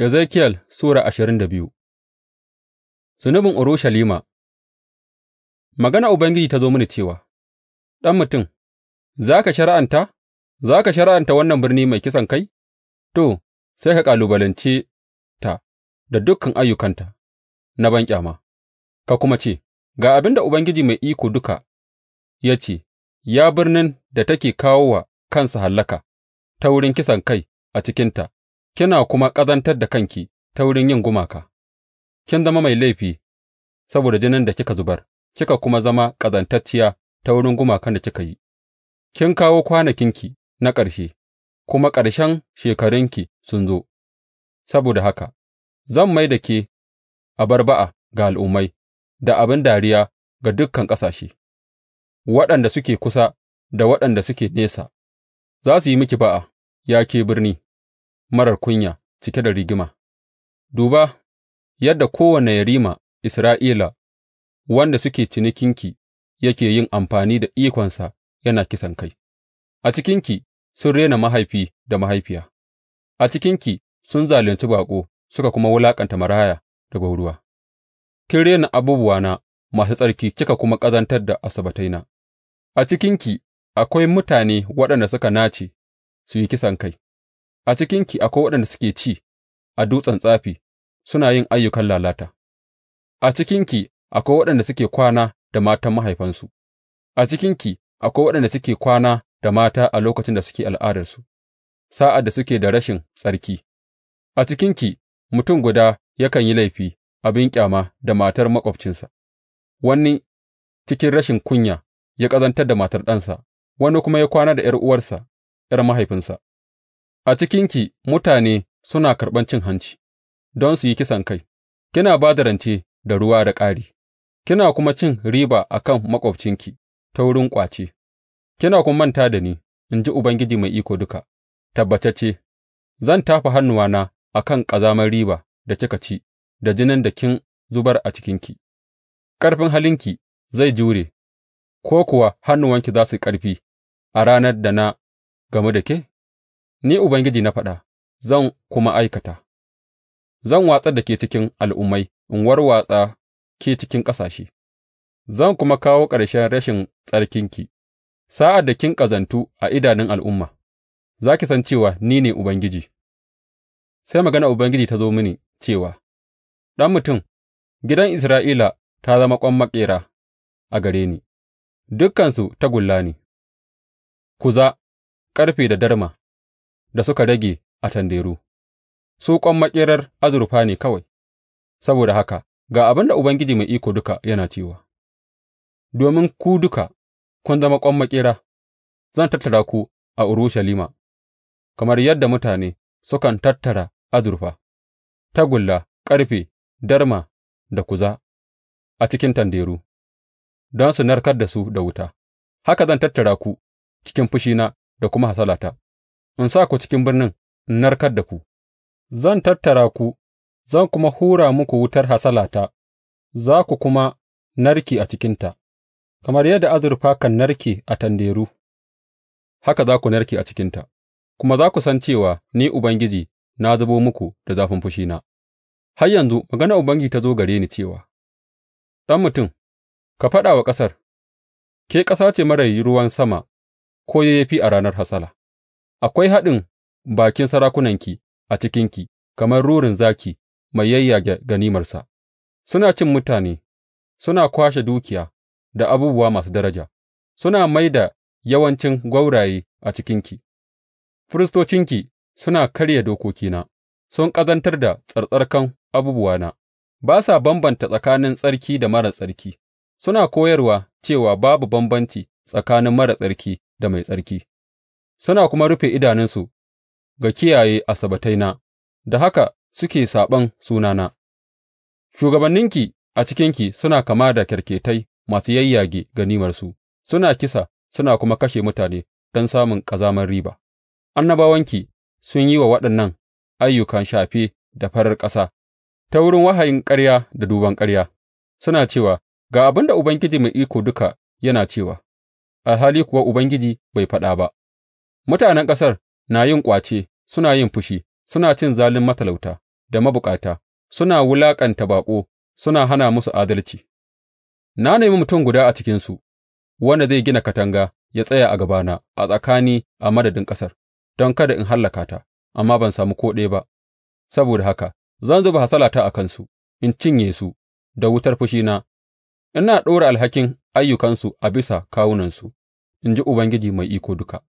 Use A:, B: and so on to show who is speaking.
A: Ezekiyel Sura ashirin da biyu Zunubin Urushalima Magana Ubangiji ta zo mini cewa, Ɗan mutum, za ka shari'anta, za ka shari'anta wannan birni mai kisan kai? To, sai ka ƙalubalance ta da dukkan ayyukanta na banƙyama, ka kuma ce, Ga abin da Ubangiji mai iko duka ya ce, Ya birnin da take kawo wa kansa hallaka ta wurin kai a cikinta. kina kuma ƙazantar da kanki ta wurin yin gumaka; kin zama mai laifi saboda jinin da kika zubar kika kuma zama ƙazantacciya ta wurin gumakan da kika yi; kin kawo kwanakinki na ƙarshe, kuma ƙarshen shekarunki sun zo, saboda haka zan mai da ke abar ba'a ga al'ummai da abin dariya ga dukkan ƙasashe, waɗanda suke kusa da waɗanda suke nesa za su yi miki ba'a, ya ke birni. marar kunya cike da rigima, duba yadda kowane yerima Isra'ila wanda suke cinikinki yake yin amfani da ikonsa yana kisankai; a cikinki sun rena mahaifi da mahaifiya, a cikinki sun zalunci baƙo suka kuma wulaƙanta maraya da gwauruwa; kin rena abubuwana masu tsarki kika kuma ƙazantar da Asabbataina; a cikinki akwai mutane waɗanda suka nace su yi kisankai. A cikinki akwai waɗanda suke ci a dutsen tsafi suna yin ayyukan lalata; a cikinki akwai waɗanda suke kwana da matan mahaifansu; a cikinki akwai waɗanda suke kwana da mata a lokacin da suke al'adarsu, sa'ad da suke da rashin tsarki; a cikinki mutum guda yakan yi laifi abin ƙyama da matar maƙwabcinsa, wani cikin rashin kunya ya ƙazantar da matar ɗansa, wani kuma ya kwana da ’yar'uwarsa, ’yar mahaifinsa. A cikinki mutane suna karɓan cin hanci don su yi kisankai; kina ba da rance da ruwa da ƙari kina kuma cin riba a kan maƙwabcinki ta wurin ƙwace, kina kuma manta da ni, in ji Ubangiji Mai Iko Duka, tabbatacce zan tafa hannuwana a kan ƙazamar riba da kika ci da jinin da kin zubar a cikinki; ƙarfin halinki zai jure, ko kuwa hannuwanki za su ƙarfi a ranar da na gamu da ke? Ni Ubangiji na faɗa, zan kuma aikata; zan watsar da ke cikin al'ummai in warwatsa ke cikin ƙasashe, zan kuma kawo ƙarshen rashin tsarkinki sa'ad da kin ƙazantu a idanun al'umma, za ki san cewa ni ne Ubangiji.’ Sai magana Ubangiji ta zo mini cewa, Ɗan mutum, gidan Isra'ila ta zama ƙwan maƙera a gare ni; dukansu tagulla ne, kuza, ƙarfe da darma. da suka rage a tanderu, su ƙwan maƙerar azurfa ne kawai; saboda haka ga abin da Ubangiji Mai Iko Duka yana cewa, Domin ku duka kun zama ƙwan maƙera, zan tattara ku a Urushalima kamar yadda mutane sukan tattara azurfa, tagulla, ƙarfe, darma da kuza a cikin tanderu, don su narkar da su da wuta, haka zan tattara ku cikin fushina da kuma hasalata. in sa ku cikin birnin in narkar da ku, zan tattara ku, zan kuma hura muku wutar hasalata, za ku kuma narke a cikinta, kamar yadda azurfa kan narke a tanderu, haka za ku narke a cikinta, kuma za ku san cewa ni Ubangiji na zubo muku da zafin fushina. Har yanzu magana Ubangiji ta zo gare ni cewa, Ɗan mutum, ka faɗa wa ƙasar, Ke ƙasa ce marar ruwan sama ko yayyafi a ranar hasala. Akwai haɗin bakin sarakunanki a cikinki kamar rurin zaki mai yayyage ganimarsa; suna cin mutane, suna kwashe dukiya da abubuwa masu daraja, suna mai da yawancin gwauraye a cikinki; firistocinki suna karya dokokina sun ƙazantar da tsarkakan abubuwana, ba sa bambanta tsakanin tsarki da marar tsarki, suna koyarwa cewa babu bambanci tsakanin marar tsarki da mai tsarki. suna kuma rufe idanunsu ga kiyaye Asabbataina, da haka suke saɓon sunana; shugabanninki a cikinki suna kama da kyarketai masu yayyage ganimarsu, suna kisa suna kuma kashe mutane don samun ƙazamar riba; annabawanki sun yi wa waɗannan ayyukan shafe da farar ƙasa ta wurin wahayin ƙarya da duban ƙarya, suna cewa, Ga abin da Ubangiji Mai Iko Duka yana cewa,’ alhali kuwa Ubangiji bai faɗa ba. Mutanen ƙasar na yin ƙwace suna yin fushi, suna cin zalin matalauta da mabukata, suna wulaƙanta baƙo, suna hana musu adalci; na nemi mutum guda a cikinsu wanda zai gina katanga ya tsaya a gabana a tsakani a madadin ƙasar, don kada in hallaka ta, amma ban sami ko ɗaya ba, saboda haka zan zuba hasalata a kansu in cinye su da wutar fushina, ina ɗora alhakin ayyukansu a bisa kawunansu, in ji Ubangiji Mai Iko Duka.